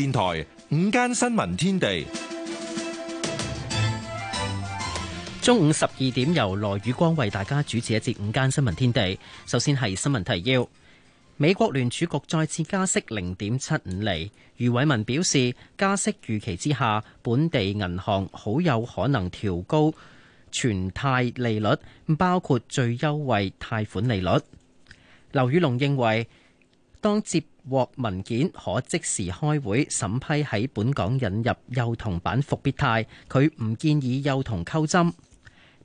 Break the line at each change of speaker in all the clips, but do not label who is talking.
電台午間新聞天地，中午十
二點由羅宇光為大家主持一節午間新聞天地。首先係新聞提要：美國聯儲局再次加息零點七五厘。余偉文表示，加息預期之下，本地銀行好有可能調高存貸利率，包括最優惠貸款利率。劉宇龍認為。當接獲文件，可即時開會審批喺本港引入幼童版復必泰，佢唔建議幼童扣針。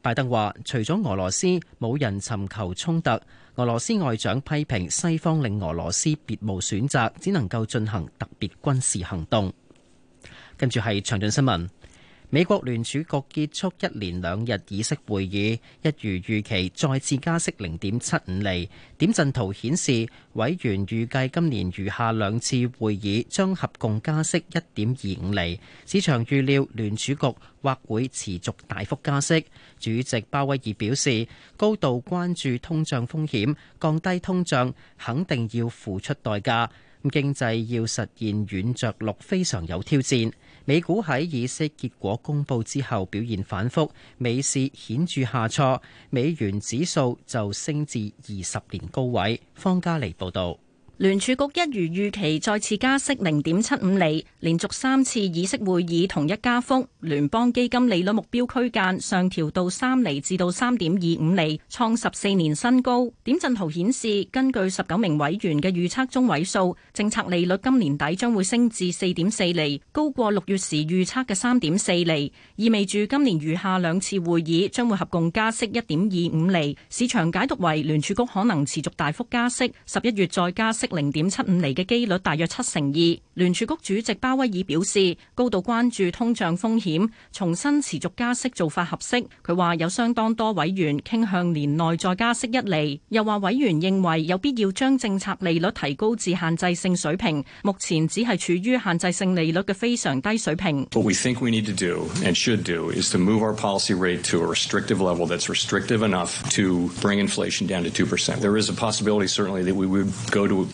拜登話：除咗俄羅斯，冇人尋求衝突。俄羅斯外長批評西方令俄羅斯別無選擇，只能夠進行特別軍事行動。跟住係詳盡新聞。美國聯儲局結束一連兩日議息會議，一如預期再次加息零點七五厘。點陣圖顯示委員預計今年餘下兩次會議將合共加息一點二五厘。市場預料聯儲局或會持續大幅加息。主席鮑威爾表示，高度關注通脹風險，降低通脹肯定要付出代價。經濟要實現軟着陸非常有挑戰，美股喺議息結果公布之後表現反復，美市顯著下挫，美元指數就升至二十年高位。方家莉報道。聯儲局一如預期再次加息零點七五厘，連續三
次議息會議同一加幅，聯邦基金利率目標區間上調到三厘至到三點二五厘，創十四年新高。點陣圖顯示，根據十九名委員嘅預測中位數，政策利率今年底將會升至四點四厘，高過六月時預測嘅三點四厘，意味住今年餘下兩次會議將會合共加息一點二五厘。市場解讀為聯儲局可能持續大幅加息，十一月再加息。零點七五厘嘅幾率大約七成二。聯儲局主席鮑威爾表示，高度關注通脹風險，重新持續加息做法合適。佢話有相當多委員傾向年內再加息一厘，又話委員認為有必要將政策利率提高至限制性水平，目前只係處於限制性利率嘅非常
低水平。What we think we need to do, and should do, is to move our policy rate to a restrictive level that's restrictive enough to bring inflation down to 2%. There is a possibility certainly that we would go to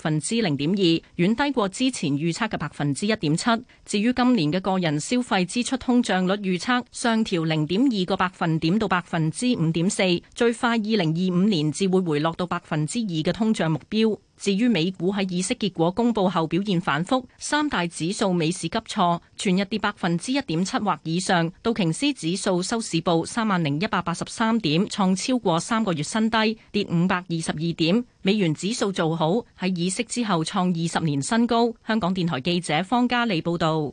百分之零點二，遠低過之前預測嘅百分之一點七。至於今年嘅個人消費支出通脹率預測，上調零點二個百分點到百分之五點四，最快二零二五年至會回落到百分之二嘅通脹目標。至於美股喺議息結果公佈後表現反覆，三大指數美市急挫，全日跌百分之一點七或以上。道瓊斯指數收市報三萬零一百八十三點，創超過三個月新低，跌五百二十二點。美元指數做好喺議息之後創二十年新高。香港電台記者方嘉莉報導。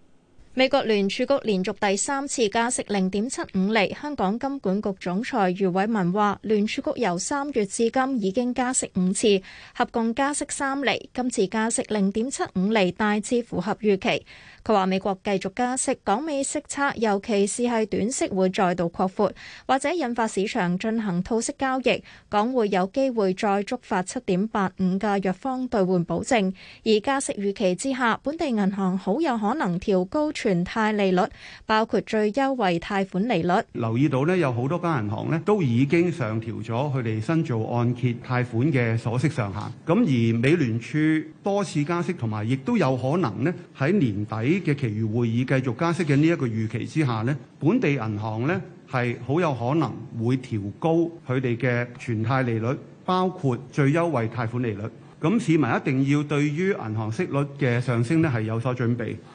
美國聯儲局連續第三次加息0.75厘，香港金管局總裁余偉文話，聯儲局由三月至今已經加息五次，合共加息三厘，今次加息0.75厘，大致符合預期。佢話，美國繼續加息，港美息差，尤其是係短息會再度擴闊，或者引發市場進行套息交易，港匯有機會再觸發7.85嘅弱方兌換保證，而加息預期之下，本地銀行好有可能調高存貸利率，包括最優惠貸款利率，
留意到咧有好多間銀行咧都已經上調咗佢哋新做按揭貸款嘅鎖息上限。咁而美聯儲多次加息，同埋亦都有可能咧喺年底嘅其餘會議繼續加息嘅呢一個預期之下咧，本地銀行咧係好有可能會調高佢哋嘅存貸利率，包括最優惠貸款利率。咁市民一定要對於銀行息率嘅上升咧係有所準備。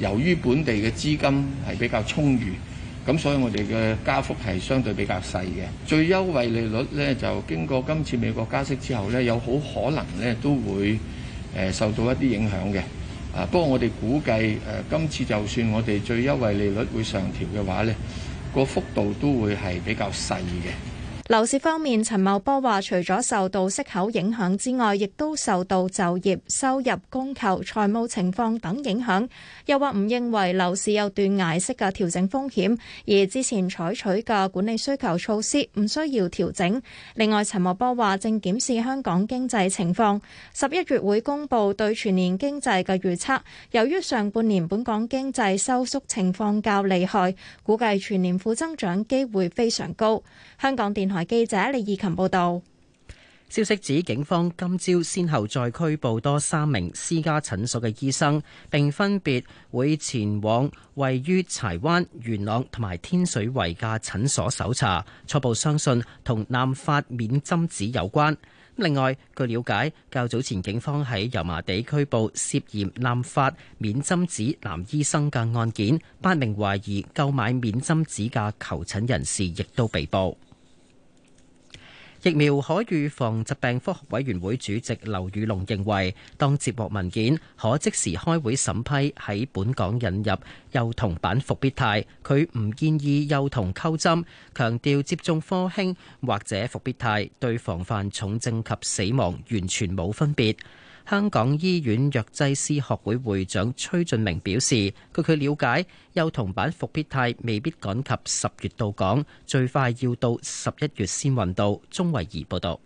由於本地嘅資金係比較充裕，咁所以我哋嘅加幅係相對比較細嘅。最優惠利率呢，就經過今次美國加息之後呢，有好可能呢都會誒、呃、受到一啲影響嘅。啊，不過我哋估計、呃、今次就算我哋最優惠利率會上調嘅話呢、呢個幅度都會係比較細嘅。
樓市方面，陳茂波話，除咗受到息口影響之外，亦都受到就業、收入、供求、財務情況等影響。又話唔認為樓市有斷崖式嘅調整風險，而之前採取嘅管理需求措施唔需要調整。另外，陳茂波話正檢視香港經濟情況，十一月會公布對全年經濟嘅預測。由於上半年本港經濟收縮情況較厲害，估計全年負增長機會非常高。香港電。台記者李義琴報道，
消息指警方今朝先後再拘捕多三名私家診所嘅醫生，並分別會前往位於柴灣、元朗同埋天水圍嘅診所搜查。初步相信同濫發免針紙有關。另外，據了解，較早前警方喺油麻地拘捕涉嫌濫發免針紙男醫生嘅案件，八名懷疑購買免針紙嘅求診人士亦都被捕。疫苗可預防疾病科學委員會主席劉宇龍認為，當接獲文件，可即時開會審批喺本港引入幼童版復必泰。佢唔建議幼童溝針，強調接種科興或者復必泰對防範重症及死亡完全冇分別。香港醫院藥劑師學會會長崔俊明表示，據佢了解，幼童版復必泰未必趕及十月到港，最快要到十一月先運到。鐘慧儀報導，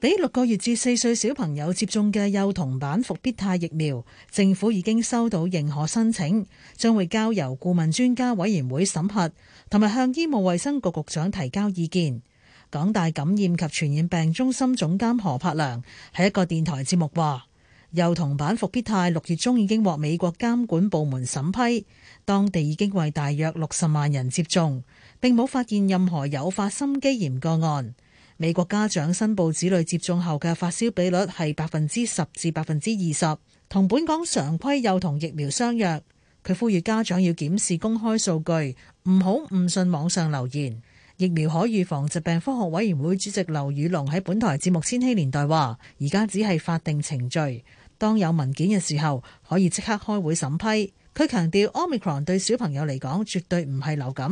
俾六個月至四歲小朋友接種嘅幼童版復必泰疫苗，政府已經收到認可申請，將會交由顧問專家委員會審核，同埋向醫務衛生局局長提交意見。港大感染及傳染病中心總監何柏良喺一個電台節目話。幼童版復必泰六月中已經獲美國監管部門審批，當地已經為大約六十萬人接種，並冇發現任何誘發心肌炎個案。美國家長申報子女接種後嘅發燒比率係百分之十至百分之二十，同本港常規幼童疫苗相若，佢呼籲家長要檢視公開數據，唔好誤信網上流言。疫苗可預防疾病科學委員會主席劉宇龍喺本台節目《千禧年代》話，而家只係法定程序。當有文件嘅時候，可以即刻開會審批。佢強調，Omicron 對小朋友嚟講絕對唔係流感，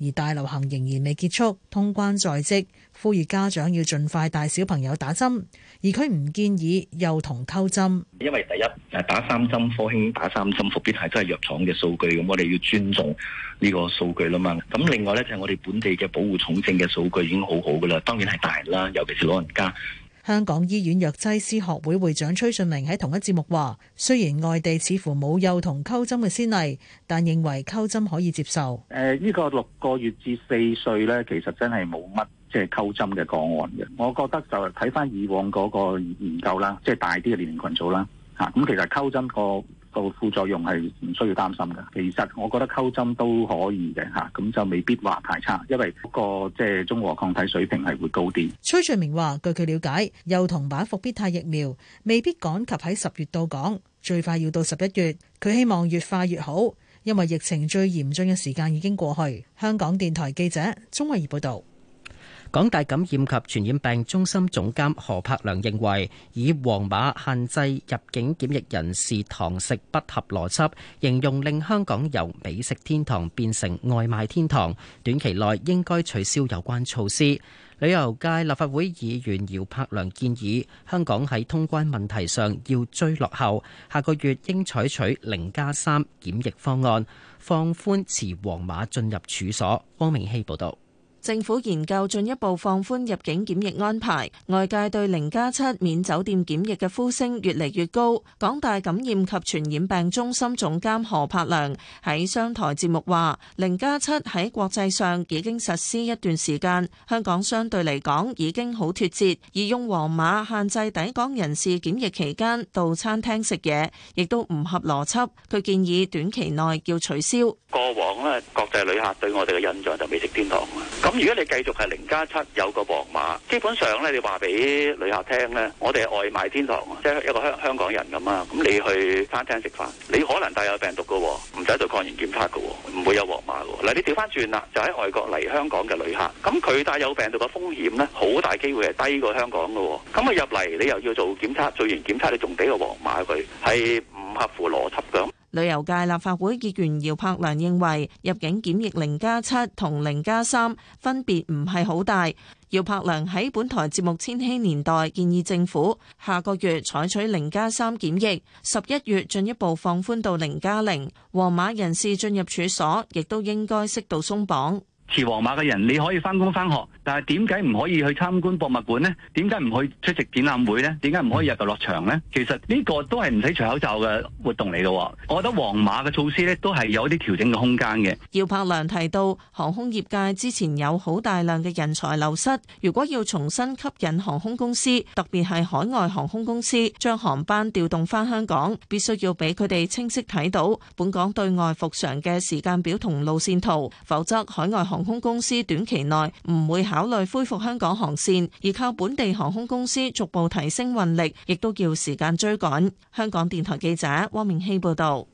而大流行仍然未結束，通關在即。呼籲家長要盡快帶小朋友打針，而佢唔建議幼童溝針，
因為第一打三針科興，打三針，打三針復必泰真係藥廠嘅數據，咁我哋要尊重呢個數據啦嘛。咁另外呢，就係、是、我哋本地嘅保護重症嘅數據已經好好噶啦，當然係大人啦，尤其是老人家。
香港醫院藥劑師學會會長崔俊明喺同一節目話：雖然外地似乎冇幼童溝針嘅先例，但認為溝針可以接受。
誒，呢個六個月至四歲咧，其實真係冇乜即係溝針嘅個案嘅。我覺得就係睇翻以往嗰個研究啦，即係大啲嘅年齡群組啦，吓咁其實溝針個。個副作用係唔需要擔心嘅，其實我覺得溝針都可以嘅嚇，咁就未必話太差，因為、嗰個即係、就是、中和抗體水平係會高啲。
崔俊明話：據佢了解，幼童版復必泰疫苗未必趕及喺十月到港，最快要到十一月。佢希望越快越好，因為疫情最嚴峻嘅時間已經過去。香港電台記者鍾慧儀報道。
港大感染及傳染病中心總監何柏良認為，以黃碼限制入境檢疫人士堂食不合邏輯，形容令香港由美食天堂變成外賣天堂。短期內應該取消有關措施。旅遊界立法會議員姚柏良建議，香港喺通關問題上要追落後，下個月應採取零加三檢疫方案，放寬持黃碼進入處所。汪明希報導。
政府研究進一步放寬入境檢疫安排，外界對零加七免酒店檢疫嘅呼聲越嚟越高。港大感染及傳染病中心總監何柏良喺商台節目話：零加七喺國際上已經實施一段時間，香港相對嚟講已經好脫節，而用黃碼限制抵港人士檢疫期間到餐廳食嘢，亦都唔合邏輯。佢建議短期內要取消。
過往咧，國際旅客對我哋嘅印象就美食天堂啦。如果你繼續係零加七有個黃碼，基本上咧，你話俾旅客聽咧，我哋外賣天堂啊，即係一個香香港人咁啊。咁你去餐廳食飯，你可能帶有病毒噶，唔使做抗原檢測噶，唔會有黃碼噶。嗱，你調翻轉啦，就喺外國嚟香港嘅旅客，咁佢帶有病毒嘅風險咧，好大機會係低過香港噶。咁佢入嚟，你又要做檢測，做完檢測你仲俾個黃碼佢，係唔合乎邏輯嘅。
旅遊界立法會議員姚柏良認為，入境檢疫零加七同零加三分別唔係好大。姚柏良喺本台節目《千禧年代》建議政府下個月採取零加三檢疫，十一月進一步放寬到零加零。黃碼人士進入處所亦都應該適度鬆綁。
持黃碼嘅人，你可以返工返學，但係點解唔可以去參觀博物館呢？點解唔去出席展覽會呢？點解唔可以日頭落場呢？其實呢個都係唔使除口罩嘅活動嚟嘅。我覺得黃碼嘅措施咧都係有一啲調整嘅空間嘅。
姚柏良提到航空業界之前有好大量嘅人才流失，如果要重新吸引航空公司，特別係海外航空公司將航班調動返香港，必須要俾佢哋清晰睇到本港對外復常嘅時間表同路線圖，否則海外航空公司短期內唔會考慮恢復香港航線，而靠本地航空公司逐步提升運力，亦都要時間追趕。香港電台記者汪明希報道。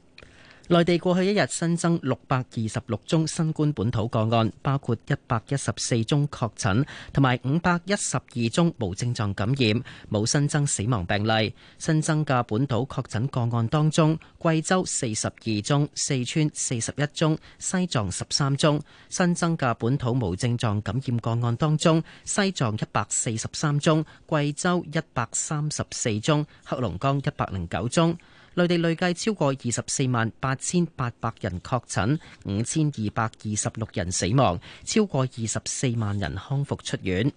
內地過
去一日新增六百二十六宗新冠本土個案，包括一百一十四宗確診，同埋五百一十二宗無症狀感染，冇新增死亡病例。新增嘅本土確診個案當中，貴州四十二宗，四川四十一宗，西藏十三宗。新增嘅本土無症狀感染個案當中，西藏一百四十三宗，貴州一百三十四宗，黑龍江一百零九宗。內地累計超過二十四萬八千八百人確診，五千二百二十六人死亡，超過二十四萬人康復出院。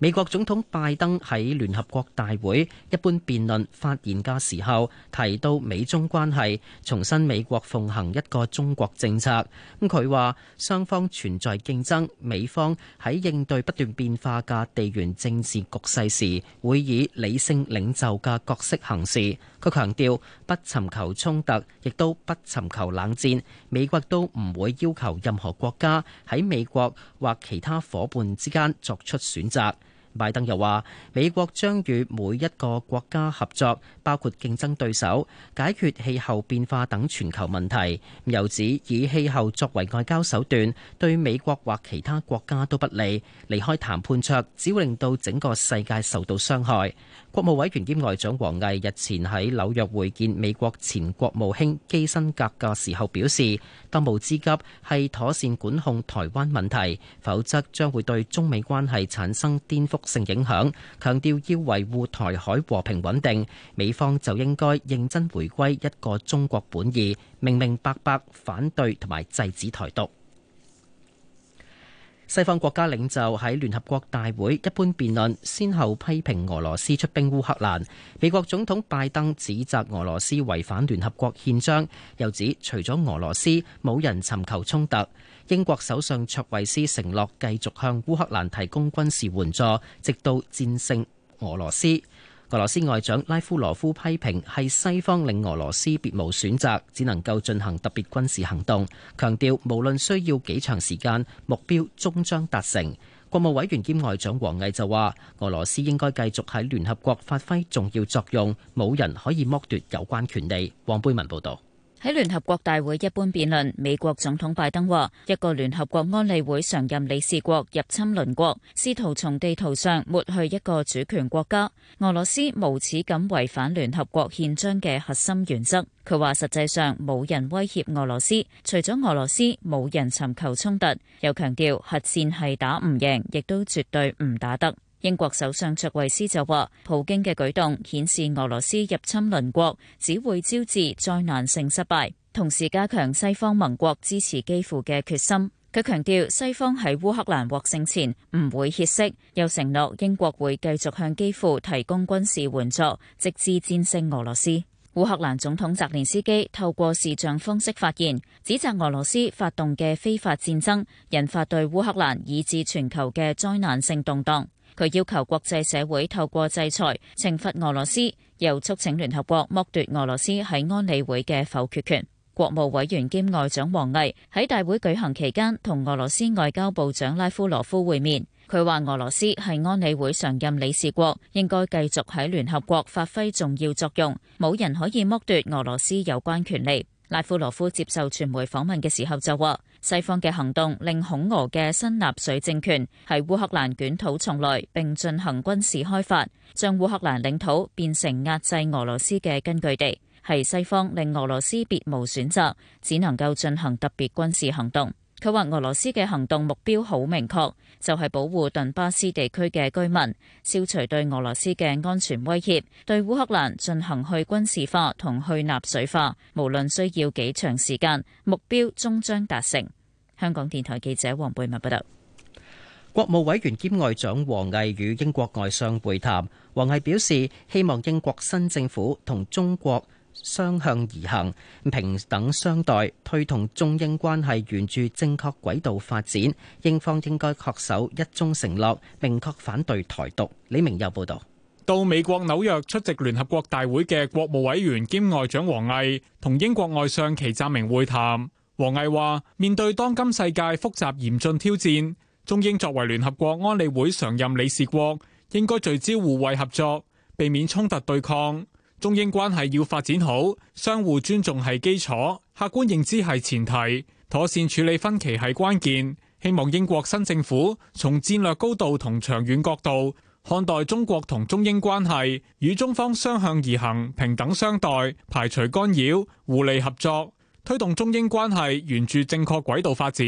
美國總統拜登喺聯合國大會一般辯論發言嘅時候，提到美中關係，重申美國奉行一個中國政策。咁佢話雙方存在競爭，美方喺應對不斷變化嘅地緣政治局勢時，會以理性領袖嘅角色行事。佢強調不尋求衝突，亦都不尋求冷戰。美國都唔會要求任何國家喺美國或其他夥伴之間作出選擇。拜登又話：美國將與每一個國家合作，包括競爭對手，解決氣候變化等全球問題。又指以氣候作為外交手段，對美國或其他國家都不利。離開談判桌，只會令到整個世界受到傷害。國務委員兼外長王毅日前喺紐約會見美國前國務卿基辛格嘅時候表示，當務之急係妥善管控台灣問題，否則將會對中美關係產生顛覆性影響，強調要維護台海和平穩定，美方就應該認真回歸一個中國本意，明明白白反對同埋制止台獨。西方國家領袖喺聯合國大會一般辯論，先後批評俄羅斯出兵烏克蘭。美國總統拜登指責俄羅斯違反聯合國憲章，又指除咗俄羅斯，冇人尋求衝突。英國首相卓慧思承諾繼續向烏克蘭提供軍事援助，直到戰勝俄羅斯。俄羅斯外長拉夫羅夫批評係西方令俄羅斯別無選擇，只能夠進行特別軍事行動，強調無論需要幾長時間，目標終將達成。國務委員兼外長王毅就話：俄羅斯應該繼續喺聯合國發揮重要作用，冇人可以剝奪有關權利。王貝文報道。
喺聯合國大會一般辯論，美國總統拜登話：一個聯合國安理會常任理事國入侵鄰國，試圖從地圖上抹去一個主權國家。俄羅斯無恥咁違反聯合國憲章嘅核心原則。佢話：實際上冇人威脅俄羅斯，除咗俄羅斯，冇人尋求衝突。又強調核戰係打唔贏，亦都絕對唔打得。英國首相卓維斯就話，普京嘅舉動顯示俄羅斯入侵鄰國，只會招致災難性失敗，同時加強西方盟國支持基輔嘅決心。佢強調，西方喺烏克蘭獲勝前唔會歇息，又承諾英國會繼續向基輔提供軍事援助，直至戰勝俄羅斯。烏克蘭總統澤連斯基透過視像方式發言，指責俄羅斯發動嘅非法戰爭，引發對烏克蘭以至全球嘅災難性動蕩。佢要求國際社會透過制裁懲罰俄羅斯，又促請聯合國剝奪俄羅斯喺安理會嘅否決權。國務委員兼外長王毅喺大會舉行期間同俄羅斯外交部長拉夫羅夫會面。佢話：俄羅斯係安理會常任理事國，應該繼續喺聯合國發揮重要作用，冇人可以剝奪俄羅斯有關權利。拉夫羅夫接受傳媒訪問嘅時候就話：西方嘅行動令恐俄嘅新納粹政權喺烏克蘭捲土重來，並進行軍事開發，將烏克蘭領土變成壓制俄羅斯嘅根據地，係西方令俄羅斯別無選擇，只能夠進行特別軍事行動。佢話：俄羅斯嘅行動目標好明確，就係保護頓巴斯地區嘅居民，消除對俄羅斯嘅安全威脅，對烏克蘭進行去軍事化同去納粹化。無論需要幾長時間，目標終將達成。香港電台記者黃貝文報道。
國務委員兼外長王毅與英國外相會談。王毅表示，希望英國新政府同中國，雙向而行、平等相待，推動中英關係沿住正確軌道發展。英方應該恪守一中承諾，明確反對台獨。李明有報導，
到美國紐約出席聯合國大會嘅國務委員兼外長王毅，同英國外相祁湛明會談。王毅話：面對當今世界複雜嚴峻挑戰，中英作為聯合國安理會常任理事國，應該聚焦互惠合作，避免衝突對抗。中英關係要發展好，相互尊重係基礎，客觀認知係前提，妥善處理分歧係關鍵。希望英國新政府從戰略高度同長遠角度看待中國同中英關係，與中方相向而行，平等相待，排除干擾，互利合作，推動中英關係沿住正確軌道發展。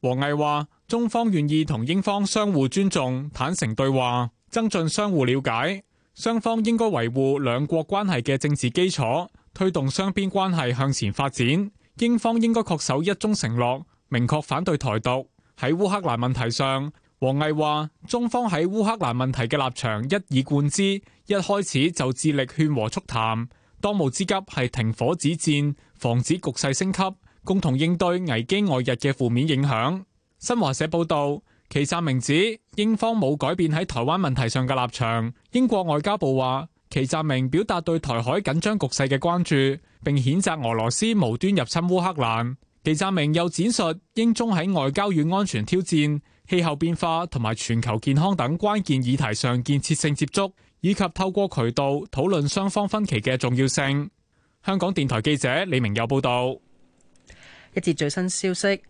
王毅話：中方願意同英方相互尊重，坦誠對話，增進相互了解。雙方應該維護兩國關係嘅政治基礎，推動雙邊關係向前發展。英方應該確守一中承諾，明確反對台獨。喺烏克蘭問題上，王毅話：中方喺烏克蘭問題嘅立場一以貫之，一開始就致力勸和促談。當務之急係停火止戰，防止局勢升級，共同應對危機外溢嘅負面影響。新華社報道。祁湛明指，英方冇改變喺台灣問題上嘅立場。英國外交部話，祁湛明表達對台海緊張局勢嘅關注，並譴責俄羅斯無端入侵烏克蘭。祁湛明又展述英中喺外交與安全挑戰、氣候變化同埋全球健康等關鍵議題上建設性接觸，以及透過渠道討論雙方分歧嘅重要性。香港電台記者李明佑報道。一節最新消息。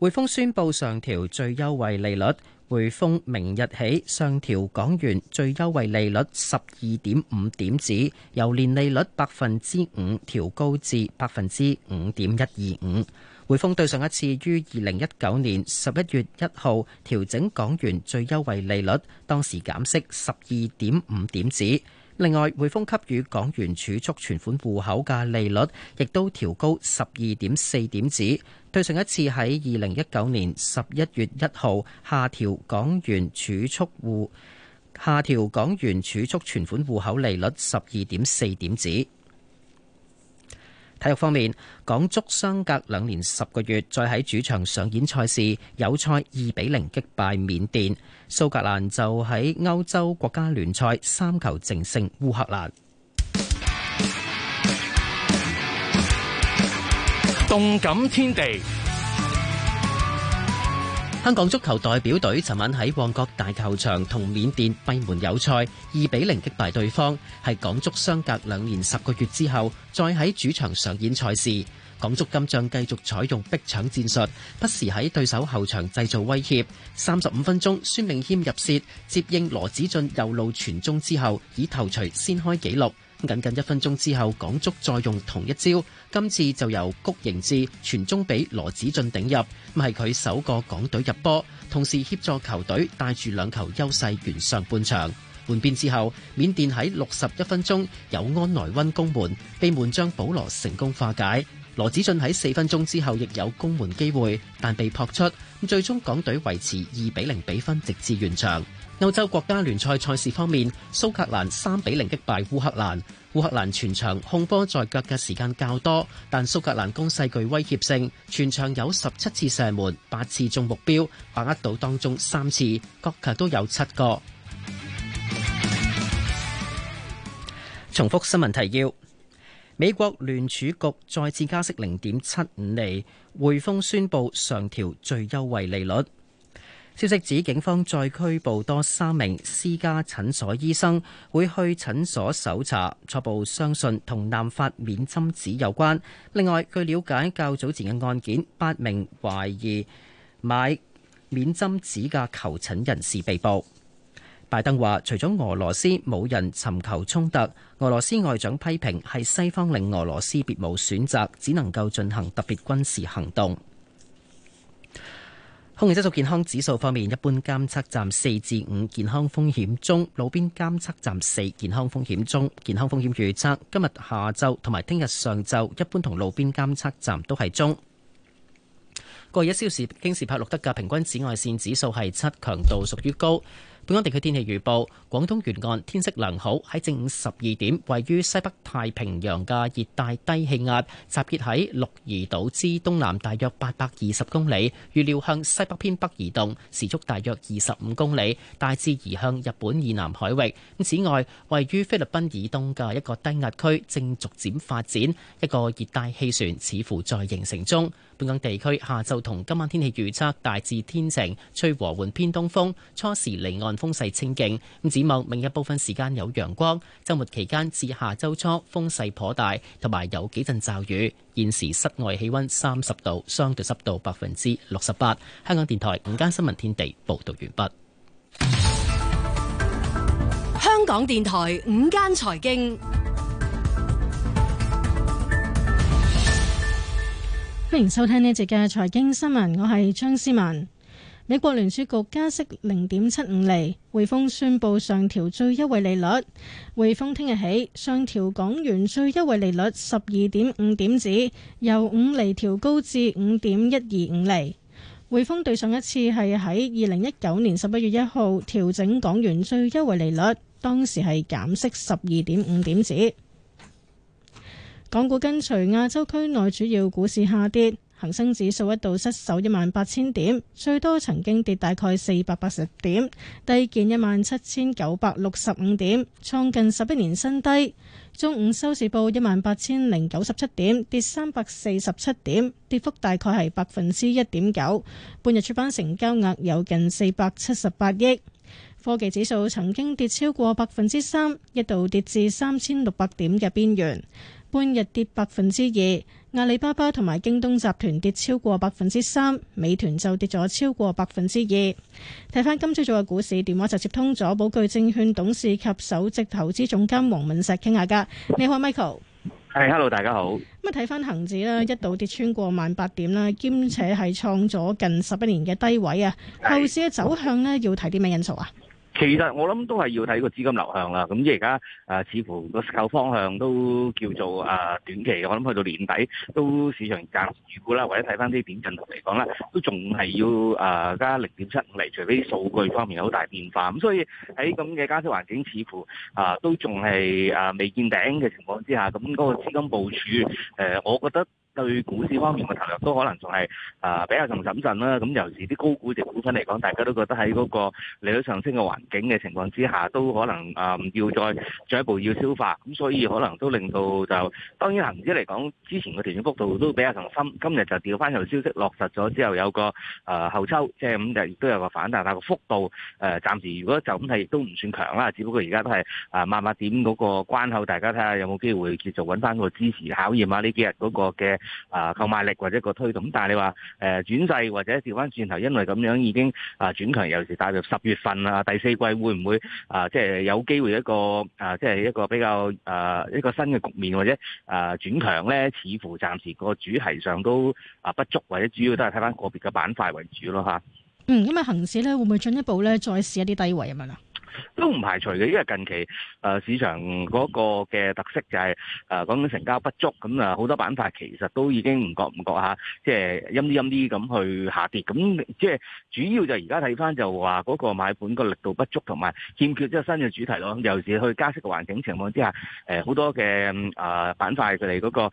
匯豐宣布上調最優
惠利率，匯豐明日起上調港元最優惠利率十二點五點子，由年利率百分之五調高至百分之五點一二五。匯豐對上一次於二零一九年十一月一號調整港元最優惠利率，當時減息十二點五點子。另外，匯豐給予港元儲蓄存款戶口嘅利率，亦都調高十二點四點子，對上一次喺二零一九年十一月一號下調港元儲蓄戶下調港元儲蓄存款戶口利率十二點四點子。體育方面，港足相隔兩年十個月，再喺主場上演賽事，有賽二比零擊敗緬甸；蘇格蘭就喺歐洲國家聯賽三球淨勝烏克蘭。動感天地。香港足球代表隊尋晚喺旺角大球場同緬甸閉門友賽，二比零擊敗對方，係港足相隔兩年十個月之後再喺主場上演賽事。港足今仗繼續採用逼搶戰術，不時喺對手後場製造威脅。三十五分鐘，孫銘謙入楔接應羅子俊右路傳中之後，以頭錘先開紀錄。僅僅一分鐘之後，港足再用同一招，今次就由谷盈志傳中俾羅子俊頂入，咁係佢首個港隊入波，同時協助球隊帶住兩球優勢完上半場。換邊之後，緬甸喺六十一分鐘有安萊溫攻門，被門將保羅成功化解。羅子晉喺四分鐘之後亦有攻門機會，但被撲出。最終港隊維持二比零比分直至完場。歐洲國家聯賽賽事方面，蘇格蘭三比零擊敗烏克蘭。烏克蘭全場控波在腳嘅時間較多，但蘇格蘭攻勢具威脅性，全場有十七次射門，八次中目標，把握到當中三次，角球都有七個。重複新聞提要。美國聯儲局再次加息零點七五厘。匯豐宣布上調最優惠利率。消息指警方再拘捕多三名私家診所醫生，會去診所搜查，初步相信同濫發免針紙有關。另外，據了解，較早前嘅案件，八名懷疑買免針紙嘅求診人士被捕。拜登話：除咗俄羅斯，冇人尋求衝突。俄羅斯外長批評係西方令俄羅斯別無選擇，只能夠進行特別軍事行動。空氣質素健康指數方面，一般監測站四至五健康風險中，路邊監測站四健康風險中。健康風險預測今日下晝同埋聽日上晝，一般同路邊監測站都係中。過去一小時京士柏錄得嘅平均紫外線指數係七，強度屬於高。本港地區天氣預報：廣東沿岸天色良好。喺正午十二點，位於西北太平洋嘅熱帶低氣壓集結喺鹿兒島之東南大約八百二十公里，預料向西北偏北移動，時速大約二十五公里，大致移向日本以南海域。此外，位於菲律賓以東嘅一個低壓區正逐漸發展，一個熱帶氣旋似乎在形成中。本港地區下晝同今晚天氣預測，大致天晴，吹和緩偏東風，初時離岸風勢清勁。咁展望明日部分時間有陽光，週末期間至下週初風勢頗大，同埋有幾陣驟雨。現時室外氣溫三十度，相對濕度百分之六十八。香港電台午間新聞天地報道完畢。
香港電台午間財經。歡迎收聽呢一節嘅財經新聞，我係張思文。美國聯儲局加息零點七五厘，匯豐宣布上調最優惠利率。匯豐聽日起上調港元最優惠利率十二點五點子，由五厘調高至五點一二五厘。匯豐對上一次係喺二零一九年十一月一號調整港元最優惠利率，當時係減息十二點五點子。港股跟隨亞洲區內主要股市下跌，恒生指數一度失守一萬八千點，最多曾經跌大概四百八十點，低見一萬七千九百六十五點，創近十一年新低。中午收市報一萬八千零九十七點，跌三百四十七點，跌幅大概係百分之一點九。半日主板成交額有近四百七十八億。科技指數曾經跌超過百分之三，一度跌至三千六百點嘅邊緣。半日跌百分之二，阿里巴巴同埋京東集團跌超過百分之三，美團就跌咗超過百分之二。睇翻今朝早嘅股市，電話就接通咗寶钜證券董事及首席投資總監黃敏石傾下噶。你好，Michael。
Hey, Hello，大家好。咁
睇翻恒指咧，一度跌穿過萬八點啦，兼且係創咗近十一年嘅低位啊。後市嘅走向呢，要睇啲咩因素啊？
其實我諗都係要睇個資金流向啦，咁即係而家誒，似乎個購方向都叫做誒、呃、短期，我諗去到年底都市場暫時預估啦，或者睇翻啲點陣圖嚟講啦，都仲係要誒、呃、加零點七五嚟，除非數據方面有好大變化。咁所以喺咁嘅加息環境，似乎啊、呃、都仲係啊未見頂嘅情況之下，咁嗰個資金部署，誒、呃，我覺得。對股市方面嘅投入都可能仲係啊比較從審慎啦。咁尤其啲高估值股份嚟講，大家都覺得喺嗰個利率上升嘅環境嘅情況之下，都可能啊、嗯、要再進一步要消化。咁所以可能都令到就當然恒指嚟講，之前嘅調整幅度都比較從深。今日就調翻，條消息落實咗之後，有個啊後抽，即係咁就亦都有個反彈，但係個幅度誒、呃、暫時如果就咁係亦都唔算強啦。只不過而家都係啊慢萬點嗰個關口，大家睇下有冇機會繼續揾翻個支持、考驗啊呢幾日嗰個嘅。啊，購買力或者個推動，但係你話誒轉勢或者調翻轉頭，因為咁樣已經啊轉強，尤其是踏入十月份啊第四季會會，會唔會啊即係有機會一個啊即係一個比較啊一個新嘅局面或者啊轉強咧？似乎暫時個主題上都啊不足，或者主要都係睇翻個別嘅板塊為主咯、啊、吓。嗯，
咁啊，恒指呢會唔會進一步呢？再試一啲低位咁樣啊？
都唔排除嘅，因為近期誒、呃、市場嗰個嘅特色就係誒講緊成交不足，咁啊好多板塊其實都已經唔覺唔覺嚇、啊，即係陰啲陰啲咁去下跌。咁、嗯、即係主要就而家睇返就話嗰個買盤個力度不足，同埋欠缺即係新嘅主題咯。尤其是去加息嘅環境情況之下，誒、呃、好多嘅誒、呃、板塊佢哋嗰個誒、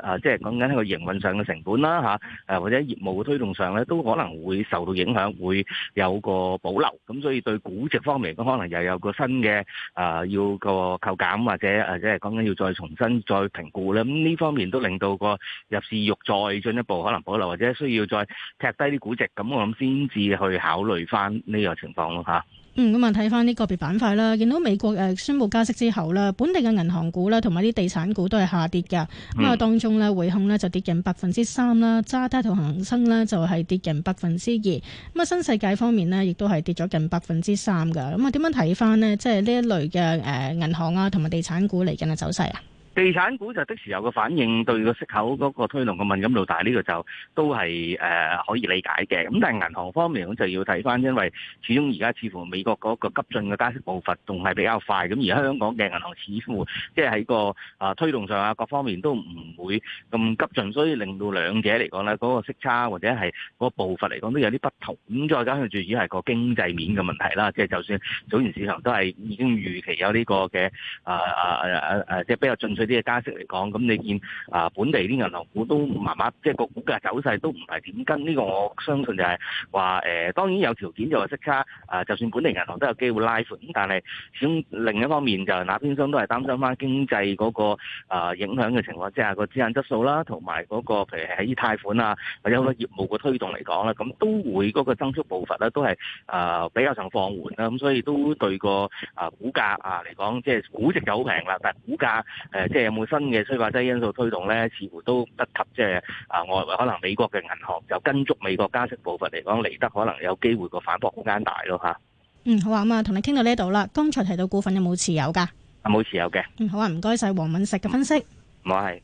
啊、即係講緊喺個營運上嘅成本啦嚇，誒、啊、或者業務嘅推動上咧都可能會受到影響，會有個保留。咁、嗯、所以對估值方面都可能。又有個新嘅啊、呃，要個扣減或者啊，即係講緊要再重新再評估啦。咁呢方面都令到個入市欲再進一步可能保留，或者需要再踢低啲估值，咁我諗先至去考慮翻呢個情況咯嚇。
嗯，咁啊睇翻呢個別板塊啦，見到美國誒宣布加息之後啦，本地嘅銀行股啦，同埋啲地產股都係下跌噶。咁啊、嗯、當中咧匯控咧就跌近百分之三啦，渣打同恒生呢就係跌近百分之二。咁啊新世界方面呢，亦都係跌咗近百分之三噶。咁啊點樣睇翻呢？即係呢一類嘅誒銀行啊，同埋地產股嚟緊嘅走勢啊？
地產股就的時有個反應，對個息口嗰個推動嘅敏感度大，呢個就都係誒可以理解嘅。咁但係銀行方面就要睇翻，因為始終而家似乎美國嗰個急進嘅加息步伐仲係比較快，咁而香港嘅銀行似乎即係喺個啊推動上啊各方面都唔會咁急進，所以令到兩者嚟講咧嗰個息差或者係嗰個步伐嚟講都有啲不同。咁再加上住係個經濟面嘅問題啦，即係就算早前市場都係已經預期有呢個嘅啊啊啊啊即係比較進。佢啲嘅加息嚟講，咁你見啊本地啲銀行股都唔麻麻，即係個股價走勢都唔係點跟呢個我相信就係話誒當然有條件就話息差誒就算本地銀行都有機會拉闊，但係始終另一方面就係那邊廂都係擔心翻經濟嗰個啊影響嘅情況之下，個資產質素啦，同埋嗰個譬如喺貸款啊，或者好多業務嘅推動嚟講啦，咁都會嗰個增速步伐咧都係誒比較上放緩啦，咁所以都對個啊股價啊嚟講即係估值就好平啦，但係股價誒。即係有冇新嘅催化劑因素推動呢？似乎都不及、就是，即係啊，外圍可能美國嘅銀行就跟足美國加息步伐嚟講，嚟得可能有機會、那個反駁空間大咯嚇。
嗯，好啊，咁啊，同你傾到呢度啦。剛才提到股份有冇持有噶？
啊、冇持有嘅。
嗯，好啊，唔該晒。黃敏石嘅分析。唔該、嗯，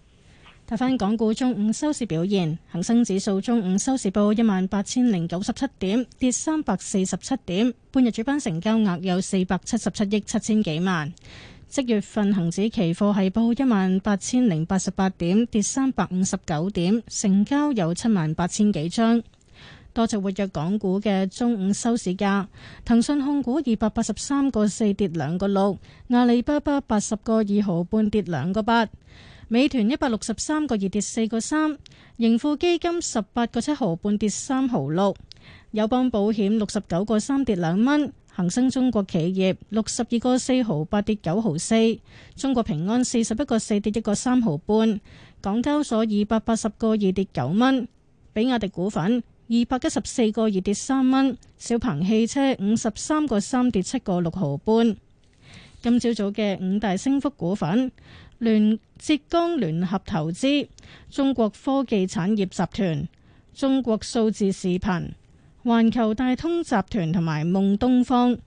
睇返港股中午收市表現，恒生指數中午收市報一萬八千零九十七點，跌三百四十七點，半日主板成交額有四百七十七億七千幾萬。即月份恒指期貨係報一萬八千零八十八點，跌三百五十九點，成交有七萬八千幾張。多隻活躍港股嘅中午收市價：騰訊控股二百八十三個四跌兩個六，阿里巴巴八十個二毫半跌兩個八，美團一百六十三個二跌四個三，盈富基金十八個七毫半跌三毫六，友邦保險六十九個三跌兩蚊。恒生中國企業六十二個四毫八跌九毫四，中國平安四十一個四跌一個三毫半，港交所二百八十個二跌九蚊，比亞迪股份二百一十四個二跌三蚊，小鵬汽車五十三個三跌七個六毫半。今朝早嘅五大升幅股份：聯浙江聯合投資、中國科技產業集團、中國數字視頻。環球大通集團同埋夢東方，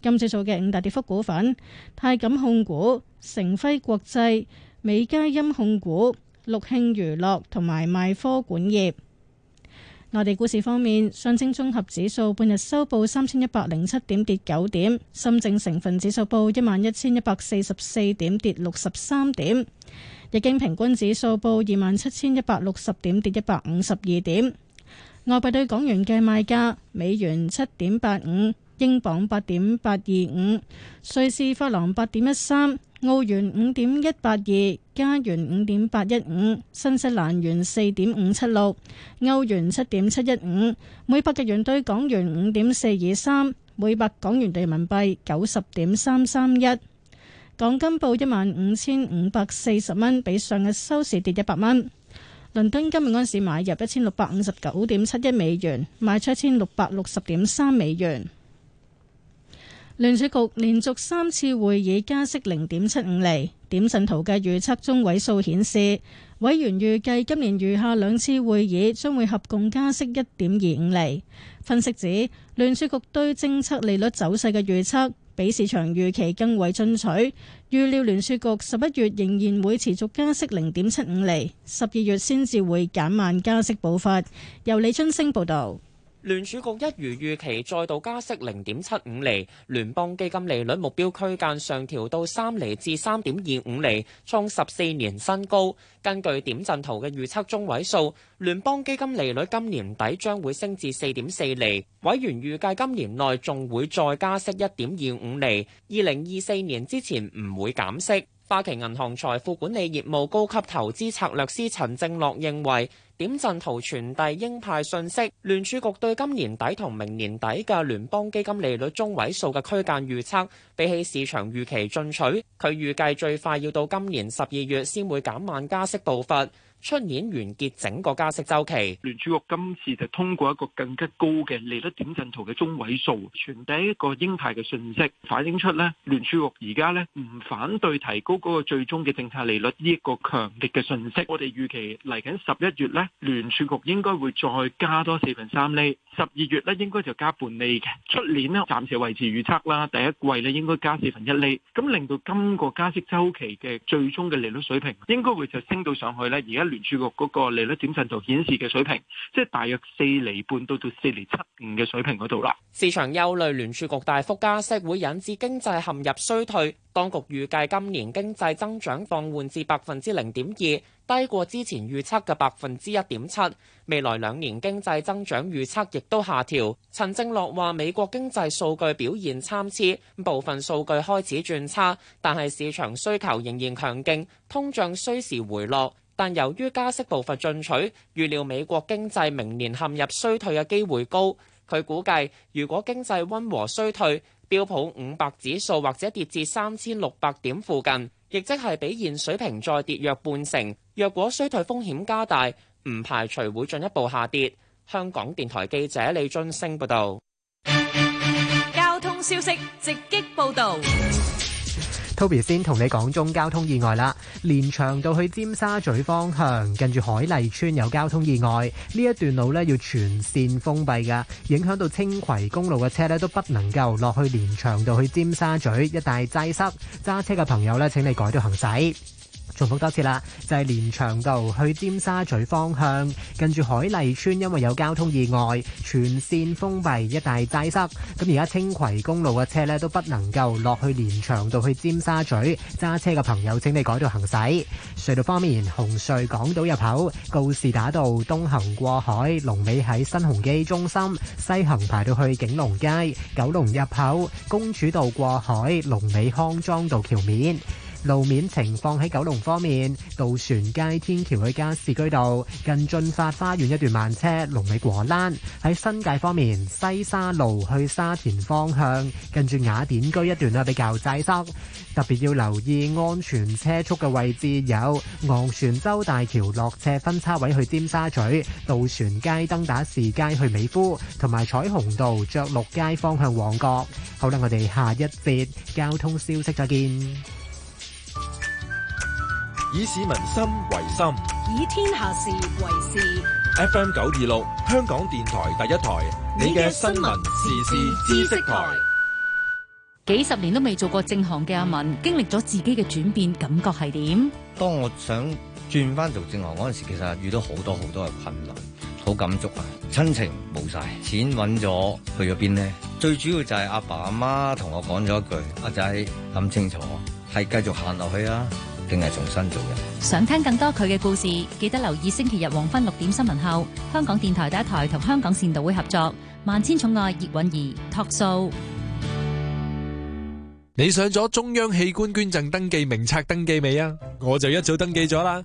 今次數嘅五大跌幅股份：泰錦控股、成輝國際、美嘉音控股、陸慶娛樂同埋邁科管業。內地股市方面，上證綜合指數半日收報三千一百零七點，跌九點；深證成分指數報一萬一千一百四十四點，跌六十三點；日經平均指數報二萬七千一百六十點，跌一百五十二點。外幣對港元嘅賣價：美元七點八五，英鎊八點八二五，瑞士法郎八點一三，澳元五點一八二，加元五點八一五，新西蘭元四點五七六，歐元七點七一五。每百日元兌港元五點四二三，每百港元兌人民幣九十點三三一。港金報一萬五千五百四十蚊，比上日收市跌一百蚊。倫敦金今日嗰時買入一千六百五十九點七一美元，賣出一千六百六十點三美元。聯儲局連續三次會議加息零點七五厘，點陣圖嘅預測中位數顯示，委員預計今年餘下兩次會議將會合共加息一點二五厘。分析指，聯儲局對政策利率走勢嘅預測。比市場預期更為進取，預料聯儲局十一月仍然會持續加息零點七五厘，十二月先至會減慢加息步伐。由李春生報導。
聯儲局一如預期，再度加息零點七五厘，聯邦基金利率目標區間上調到三厘至三點二五厘，創十四年新高。根據點陣圖嘅預測中位數，聯邦基金利率今年底將會升至四點四厘，委員預計今年內仲會再加息一點二五厘，二零二四年之前唔會減息。花旗銀行財富管理業務高級投資策略師陳正樂認為，點陣圖傳遞鷹派信息。聯儲局對今年底同明年底嘅聯邦基金利率中位數嘅區間預測，比起市場預期進取。佢預計最快要到今年十二月先會減慢加息步伐。出年完結整
個加息週期，聯儲局今次就通過一個更加高嘅利率點陣圖嘅中位數，傳遞一個鷹派嘅訊息，反映出咧聯儲局而家咧唔反對提高嗰個最終嘅政策利率呢一個強烈嘅訊息。我哋預期嚟緊十一月咧，聯儲局應該會再加多四分三厘，十二月咧應該就加半厘嘅。出年咧暫時維持預測啦，第一季咧應該加四分一厘，咁令到今個加息週期嘅最終嘅利率水平應該會就升到上去咧。而家。聯儲局嗰個利率點陣圖顯示嘅水平，即係大約四厘半到到四厘七五嘅水平嗰度啦。市
場憂慮聯儲局大幅加息會引致經濟陷入衰退，當局預計今年經濟增長放緩至百分之零點二，低過之前預測嘅百分之一點七。未來兩年經濟增長預測亦都下調。陳正樂話：美國經濟數據表現參差，部分數據開始轉差，但係市場需求仍然強勁，通脹需時回落。但由於加息步伐進取，預料美國經濟明年陷入衰退嘅機會高。佢估計，如果經濟溫和衰退，標普五百指數或者跌至三千六百點附近，亦即係比現水平再跌約半成。若果衰退風險加大，唔排除會進一步下跌。香港電台記者李津升報道。
交通消息直擊報道。
Toby 先同你講中交通意外啦，連翔道去尖沙咀方向，近住海麗邨有交通意外，呢一段路咧要全線封閉噶，影響到青葵公路嘅車咧都不能夠落去連翔道去尖沙咀一帶擠塞，塞，揸車嘅朋友咧請你改道行駛。重複多次啦，就係、是、連翔道去尖沙咀方向，近住海麗村，因為有交通意外，全線封閉，一帶擠塞。咁而家青葵公路嘅車呢，都不能夠落去連翔道去尖沙咀，揸車嘅朋友請你改道行駛。隧道方面，紅隧港島入口告士打道東行過海，龍尾喺新鴻基中心；西行排到去景隆街九龍入口公主道過海，龍尾康莊道橋面。路面情況，喺九龍方面，渡船街天橋去加士居道近駿發花園一段慢車，龍尾過欄。喺新界方面，西沙路去沙田方向近住雅典居一段都比較擠塞，特別要留意安全車速嘅位置有昂船洲大橋落斜分叉位去尖沙咀、渡船街登打士街去美孚，同埋彩虹道爵祿街方向旺角。好啦，我哋下一節交通消息再見。
以市民心為心，
以天下事為事。
FM 九二六，香港電台第一台，你嘅新聞時事知識台。
幾十年都未做過正行嘅阿文，經歷咗自己嘅轉變，感覺係點？
當我想轉翻做正行嗰陣時，其實遇到好多好多嘅困難，好感觸啊！親情冇晒，錢揾咗去咗邊呢？最主要就係阿爸阿媽同我講咗一句：阿仔諗清楚，係繼續行落去啊！定係重新做人。
想聽更多佢嘅故事，記得留意星期日黃昏六點新聞後，香港電台第一台同香港善導會合作。萬千寵愛葉韻兒 Talk Show。
你上咗中央器官捐贈登記名冊登記未啊？我就一早登記咗啦。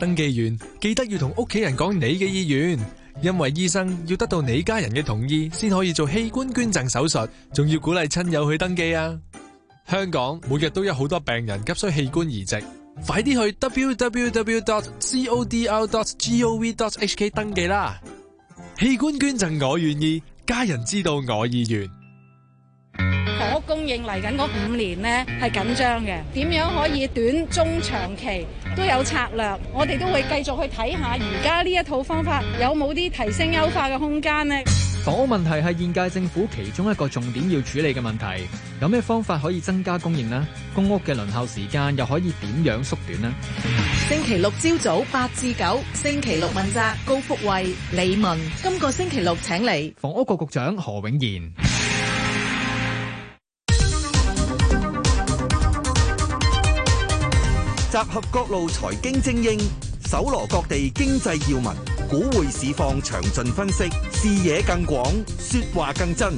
登記完記得要同屋企人講你嘅意願，因為醫生要得到你家人嘅同意先可以做器官捐贈手術，仲要鼓勵親友去登記啊！香港每日都有好多病人急需器官移植， 快啲去 w w w d o t c o d l d o t g o v d o t h k 登記啦！器官捐贈我願意，家人知道我意願。
房屋供應嚟緊嗰五年呢係緊張嘅，點樣可以短、中、長期都有策略？我哋都會繼續去睇下，而家呢一套方法有冇啲提升優化嘅空間呢？
房屋問題係現屆政府其中一個重點要處理嘅問題，有咩方法可以增加供應呢？公屋嘅輪候時間又可以點樣縮短呢？
星期六朝早八至九，星期六問責高福慧李文，今個星期六請嚟，
房屋局局長何永賢，
集合各路財經精英，搜羅各地經濟要聞。
股匯市況詳盡分析，視野更廣，說話更真。